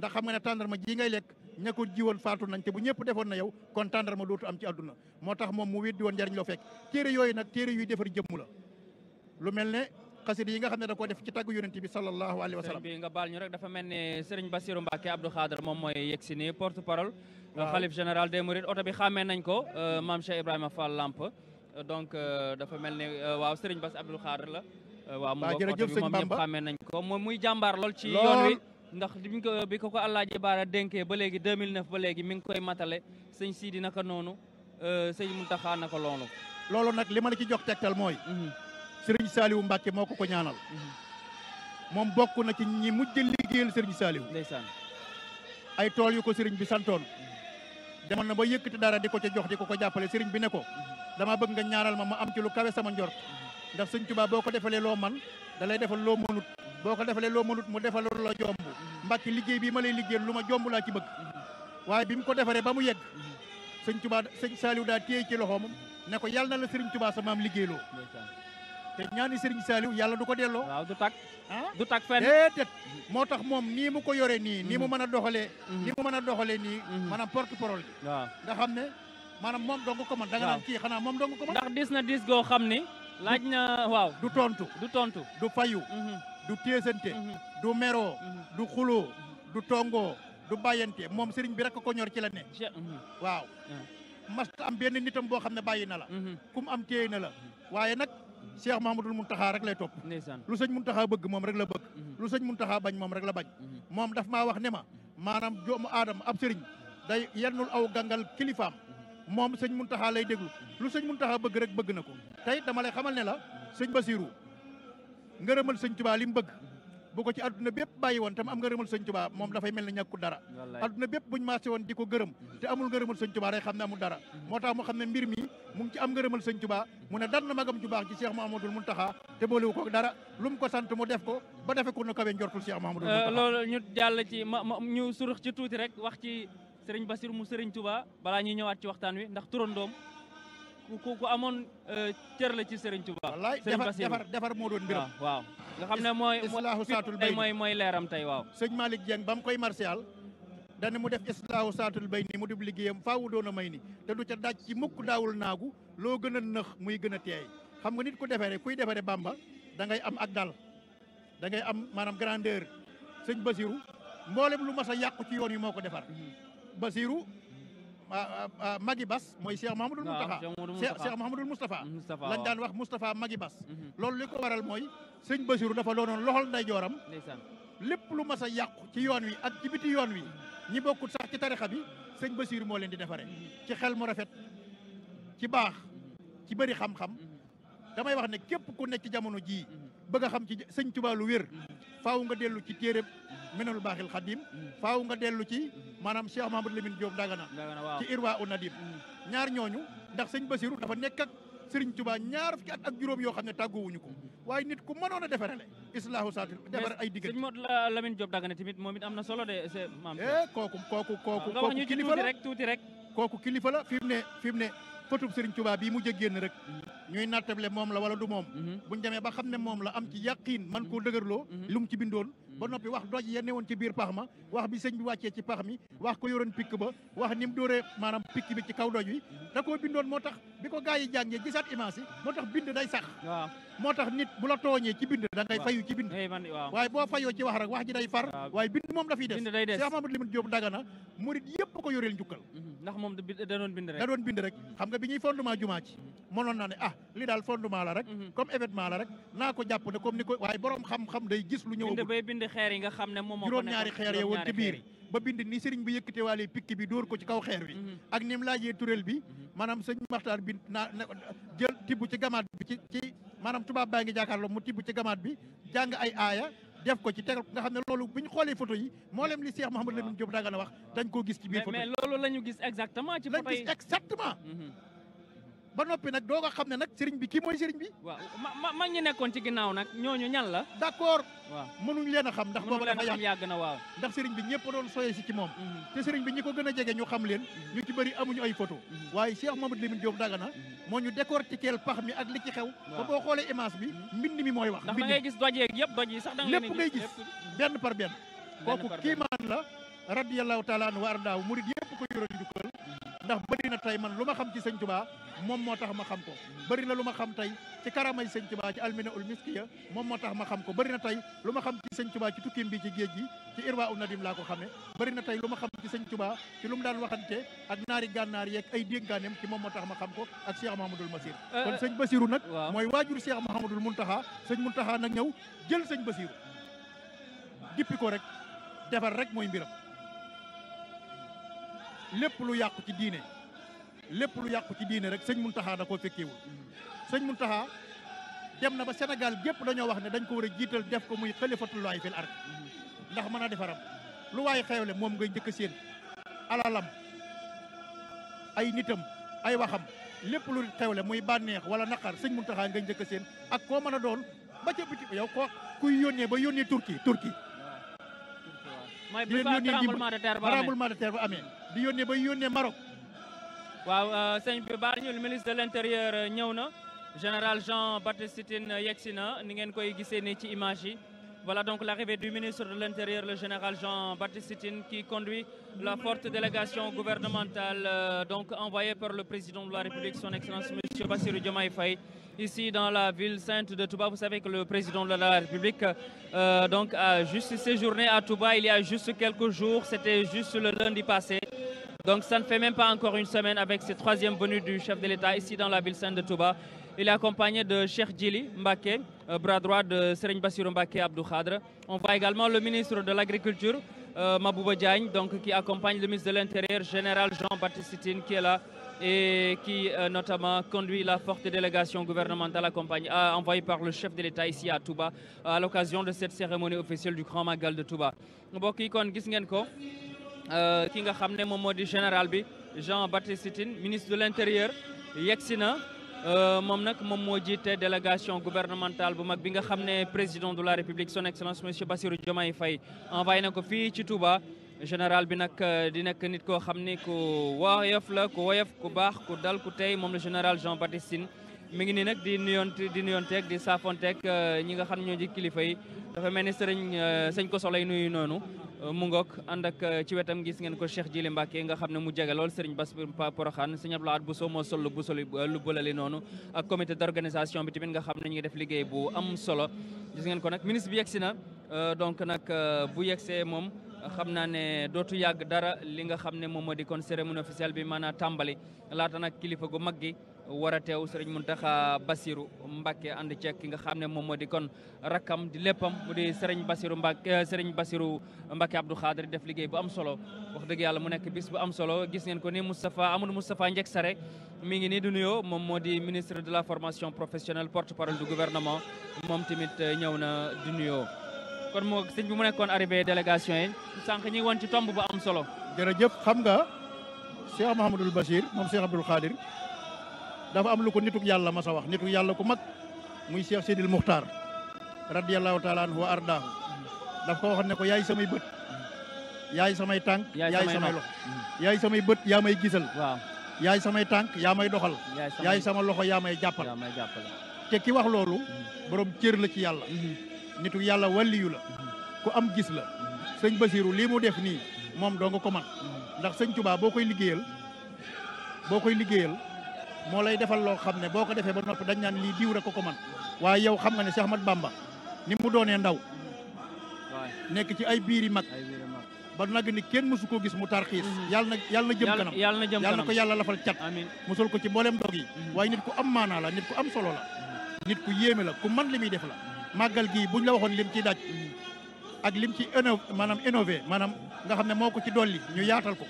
ndax xam nga ne tàndarma ji ngay lekk ña ko jiwoon faatu nañ te bu ñëpp defoon na yow kon tàndarma dootu am ci àdduna moo tax moom mu weddi woon njariñ loo fekk téere yooyu nag téere yuy defar jëmm la lu mel ne xasida yi nga xam ne da koo def ci tàggu yonent bi sallallahu alayhi wa sallam bi nga baal ñu rek dafa mel ne sëriñ Bassirou Mbacké Abdou Khadre moom mooy yegg si porte parole xalif général des mourides oto bi nañ ko euh, maam Cheikh a Fall Lamp euh, donc euh, dafa mel ne waaw sëriñ Bass Abdou Khadre la waaw mu jërëjëf sëñ Bamba xàmmee nañ ko moom muy jàmbaar lool ndax bi ñu ko bi ko ko Alaaji Baara dénkee ba léegi 2009 ba léegi mi ngi koy matale sëñ Sidi naka noonu euh, sëñ Muntaxa naka loolu. loolu nag li ma la ci jox tegtal mooy. Mhm. sëriñ Saliou Mbacke moo ko ko ñaanal. Mhm. moom bokk na ci ñi mujj liggéeyal sëriñ Saliou. ndeysaan ay tool yu ko sëriñ bi santoon. Mhm. demoon na ba yëkkati dara di ko ca jox di ko ko jàppale sëriñ bi ne ko. dama bëgg nga ñaanal ma ma am ci lu kawe sama njort. ndax sëñ Tuubaa boo ko defalee loo man da lay defal loo mënut. boo ko defalee loo mënut mu defal la joom Mbàkke liggéey bi ma lay liggéeyal lu ma jomb laa ci bëgg waaye bi mu ko defaree ba mu yegg sëñ Tuubaa sëñ Saaliw daa téye ci loxoom ne ko yàlla na la sëriñ Tuubaa sa maam liggéeyloo te ñaani sëriñ Saaliw yàlla du ko delloo waaw du tag ah du tag fenn moo tax moom nii mu ko yore nii nii mu mm-hmm. mën a doxalee mm-hmm. nii mu mën a doxalee nii mm-hmm. maanaam porte parole bi waaw nga xam ne maanaam moom dong ko mën da kii xanaa moom dong ko mën ndax dis na dis goo xam ni laaj na waaw du tontu du tontu du fayu du téesante mhm. du meroo mhm. du xuloo du tongoo du bàyyante moom sëriñ bi rek ko ñor ci la ne mhm. waaw masta am benn nitam boo xam ne bàyyi na la kum am téye na la waaye nag Cheikh Mahamadul Muntaxa rek lay topp lu sëñ Muntaxa bëgg moom rek la bëgg lu sëñ Muntaxa bañ moom rek la bañ moom daf maa wax ne ma maanaam joomu aadama ab sëriñ day yennul aw gàngal kilifaam moom sëñ Muntaxa lay déglu lu sëñ taxa bëgg rek bëgg na ko tey dama lay xamal ne la sëñ Basiru ngërëmal sëñ tubaa li mu bëgg bu ko ci adduna bépp bàyyi woon tam am ngërëmal sëñ tubaa moom dafay mel ne ñàkku dara adduna bépp buñu maase woon di ko gërëm te amul ngërëmal sëñ tubaa rek xam ne amul dara moo tax mu xam ne mbir mi mu ngi ci am ngërëmal sëñ tubaa mu a dan na magam ju baax ci Cheikh Mouhamadoul Mountakha te boolewu ko dara lu mu ko sant mu def ko ba defe ko na kawe njortul Cheikh Mouhamadoul euh, Mountakha loolu ñu jàll ci ma ñu surux ci tuuti rek wax ci sëriñ Basiru mu sëriñ tubaa balaa ñuy ñëwaat ci waxtaan wi ndax turandoom ku ku amoon euh, cër la ci Serigne Touba. wallaay defar defar defar moo doon mbiram. Ah, waaw nga xam ne mooy. islaahu saatul eh, bayni mooy mooy leeram tey waaw. sëñ ma Dieng ba mu koy martial dana mu def islaahu saatul bay bayni mu dib liggéeyam faawu doon a may ni te du ca daj ci mukk daawul naagu loo gën a nëx muy gën a teey xam nga nit ku defere kuy defaree Bamba da ngay am ak dal da ngay am maanaam grandeur sëñ Basirou mboole lu mas a yàqu ci yoon yi moo ko defar mm-hmm. Basirou Euh, euh, Magi bas mooy Cheikh Mahamadul Moustapha Cheikh Mahamadul Moustapha lañ daan wax Moustapha Magi Bass mhm. loolu li ko waral mooy sëñ Basiru dafa doonoon loxol ndeyjooram lépp lu mas a yàqu ci yoon wi ak ci yoon wi ñi bokkut sax ci tarixa bi sëñ Basiru moo leen di defare ci xel mu rafet ci baax ci bëri xam-xam mhm. damay wax ne képp ku nekk ci jamono jii mhm. bëgg a xam ci sëñ Tuubaa lu wér faaw nga dellu ci téereb minul baaxil xadim faaw nga dellu ci maanaam Cheikh Mamadou Lamine Diop Dagana ci irwa u nadim ñaar ñooñu ndax sëñ Basiru dafa nekk ak Sëriñ Tuubaa ñaar fukki at ak juróom yoo xam ne tàgguwuñu ko waaye nit ku mënoon a defarale islaahu saati defar ay diggante sëñ Modou Lamine Diop Dagana tamit moom it am na solo de maam eh, kooku kooku kooku ah, kooku kilifa la rek tuuti rek kooku kilifa la fi mu ne fi mu ne fotub Sëriñ Tuubaa bii mu jëggéen rek ñuy nattable moom la wala du moom mm-hmm. buñ demee ba xam ne moom la am ci yàqiin man koo dëgërloo mm-hmm. lu mu ci bindoon ba noppi wax doj ya newoon ci biir pax ma wax bi sëñ bi wàccee ci pax mi wax ko yoroon pikk ba wax ni mu dóoree maanaam pikk bi ci kaw doj wi da koo bindoon moo tax bi ko gars yi jàngee gisaat image moo tax bind day sax waaw moo tax nit bu la tooñee ci bind da ngay fayu ci bind waaye boo fayoo ci wax rek wax ji day far waaye bind moom dafay des Cheikh Mamadou Lamine Diop Dagana murid yëpp ko yoreel njukkal mhm. ndax moom da doon bind rek da doon bind rek xam nga bi ñuy fondement jumaa ci mënoon ah, la rek mhm. comme événement ko jàpp ne comme ni ko waaye borom xam-xam day gis lu ñëw xeer yi nga xam ne moom juróom-ñaari xeer ya woon ci biir ba bind ni sëriñ bi yëkkate waale pikk bi dóor ko ci kaw xeer wi mm-hmm. ak ni mu laajee turéel bi mm-hmm. maanaam sëñ Maxtaar bi naa jël tibb ci gamaat bi ci ci maanaam tubaab baa ngi jàkkaarloo mu tibb ci gamaat bi jàng ay aaya def ko ci tegal nga xam ne loolu bu ñu xoolee photo yi moo lem li Cheikh Mouhamadou Lamine Diop danga na wax dañ koo gis ci biir photo yi mais loolu la ñu gis exactement ci photo yi lañ gis exactement mm-hmm. ba noppi nag doo ko xam ne nag sëriñ bi kii mooy sëriñ bi. waaw ñi nekkoon ci ginnaaw nag ñooñu ñan la. d'accord. waaw mënuñ leen a xam ndax a dafa yàgg na waaw ndax sëriñ bi ñëpp doon soyee si ci moom. Mhm. te sëriñ bi ñi ko gën a jege ñu xam leen. Mhm. ñu ci bëri amuñu ay photo mhm. waaye Cheikh Mamadou Lamine Diop Dagana. moo ñu ci décortiquer pax mi ak li ci xew. ba boo xoolee image bi mbind mi mooy wax. mbind mi ndax da ngay gis doj yeeg yëpp doj yi sax da nga lépp ngay gis benn par benn kooku kiimaan la radiyallahu taala an wa ardaaw murid ko ndax bëri na tey man lu ma xam ci sëñ Tuubaa moom moo tax ma xam ko bëri na lu ma xam tey ci karamay sëñ Tuubaa ci almina ul moom moo tax ma xam ko bëri na tey lu ma xam ci sëñ Tuubaa ci tukkim bi ci géej gi ci irwa u nadim laa ko xame bëri na tey ma xam ci sëñ Tuubaa ci lu mu daan waxante ak naari gànnaar yeeg ay dénkaaneem ci moom moo tax ma xam ko ak Cheikh Mahamadul Masir euh, kon sëñ Basiru nag mooy waajur Cheikh Mahamadul Muntaxa sëñ Muntaxa na ñëw jël sëñ Basiru dippi ko rek defar rek mooy mbiram lépp lu yàqu ci diine lépp lu yàqu ci diine rek sëñ taxa da koo fekkeewul sëñ taxa dem na ba Sénégal gépp dañoo wax ne dañ ko war a jiital def ko muy xalifatullahi fil ard ndax mën a defaram lu waaye xewle moom ngay njëkk seen alalam ay nitam ay waxam lépp lu xewle muy bànneex wala naqar sëñ Muntaxa ngay njëkk séen ak koo mën a doon ba ca biti yow ko kuy yónnee ba yónnee Turquie Turquie mooy bi fa tremblement de terre ba amee di yónnee ba yónnee Maroc. waaw euh, sëñ bi baal ñu ministre de l'intérieur euh, ñëw na général Jean-Baptiste Tine euh, yegsi na ni ngeen koy gisee ni ci image yi. Voilà donc l'arrivée du ministre de l'Intérieur, le général Jean-Baptiste Tine, qui conduit la forte délégation gouvernementale euh, donc envoyée par le président de la République, son Excellence M. Bassirou Diomaye Faye, ici dans la ville sainte de Touba. Vous savez que le président de la République donc a juste séjourné à Touba il Donc ça ne fait même pas encore une semaine avec cette troisième venue du chef de l'État ici dans la ville sainte de Touba. Il est accompagné de Cheikh Djili Mbake, euh, bras droit de Serigne Bassirou Mbake Abdou On voit également le ministre de l'Agriculture, euh, Mabouba qui accompagne le ministre de l'Intérieur, général Jean-Baptiste Tine, qui est là et qui euh, notamment conduit la forte délégation gouvernementale accompagnée, euh, envoyée par le chef de l'État à Touba à l'occasion de cette cérémonie Euh, ki nga xam ne moom moo di général bi Jean Baptiste Tine ministre de l' intérieur yegsi na euh, moom nag moom moo jiite délégation gouvernementale bu mag bi nga xam ne président de la république son excellence monsieur Bassirou Diomaye fay envoyé na ko fii ci Touba. général bi nag euh, di nekk nit koo xam ni ku woyof la ku woyof ku baax ku dal ku tey moom la général Jean Baptiste Tine mi ngi nii nag di nuyonte di nuyonteeg di saafonteeg ñi nga xam ñoo ji kilifa yi dafa mel ni sëriñ sëñ ko solay nuyu noonu Euh, mu ngoog ànd ak euh, ci wetam gis ngeen ko Cheikh Jili Mbacke nga xam ne mu jege lool Serigne Bass Porokhane Serigne Abdou Lahad Bousso moo sol lu Bousso euh, lu bëlali noonu a comité d'organisation bi tamit nga xam ne ñu def liggéey bu am solo gis ngeen ko nag ministre bi yegsi na donc nag bu yegsee moom xam naa ne dootu yàgg dara li nga xam ne moom moo di kon cérémonie officielle bi maanaam tàmbali laata nag kilifa gu mag gi war a teew sëriñ Muntaxa Basiru Mbacke ànd ceeg nga xam ne moom moo di kon rakkam di léppam mu di sëriñ Basiru Mbacke euh, sëriñ Basiru Mbacke Abdou Khadir def liggéey bu am solo wax dëgg yàlla mu nekk bis bu am solo gis ngeen ko ni Moustapha Amadou Moustapha Njek Sare mi ngi nii du nuyoo moom moo di ministre de la formation professionnelle porte-parole du gouvernement moom tamit euh, ñëw na du nuyoo kon moo sëñ bi mu nekkoon arrivé délégation yi sànq ñi ngi woon ci tomb bu am solo jërëjëf xam nga Cheikh dafa am lu ko nituk yàlla ma sa wax nituk yàlla ku mag muy Cheikh Sidil Muxtaar radiyallahu taala anhu wa ardaahu daf ko wax ne ko yaay samay bët yaay samay tànk yaay samay loxo yaay bët yaa may gisal yaay samay tànk yaa may doxal sama loxo yaa may jàppal te ki wax loolu borom cër la ci yàlla mhm. nitu yàlla wàlliyu la ku am gis la sëñ Basiru lii mu def nii moom doo nga ko man mhm. ndax sëñ Tuubaa boo koy liggéeyal boo koy liggéeyal moo lay defal loo xam ne boo ko defee ba noppi dañ naan lii diw rek ko ko man waaye yow xam nga ne Cheikh Ahmad Bamba ni mu doonee ndaw nekk ci ay biir yu mag ba nag ni kenn mësu koo gis mu tarxiis mhm. yàlla na yàlla na jëm kanam yàlla na ko yàlla lafal cat musul ko ci mboolem dog yi mhm. waaye nit ku am maanaa la nit ku am solo la mhm. nit ku yéeme la ku man li muy def la màggal gi buñ la waxoon lim ci daj ak lim ci innové maanaam innové maanaam nga xam ne moo ko ci dolli ñu yaatal ko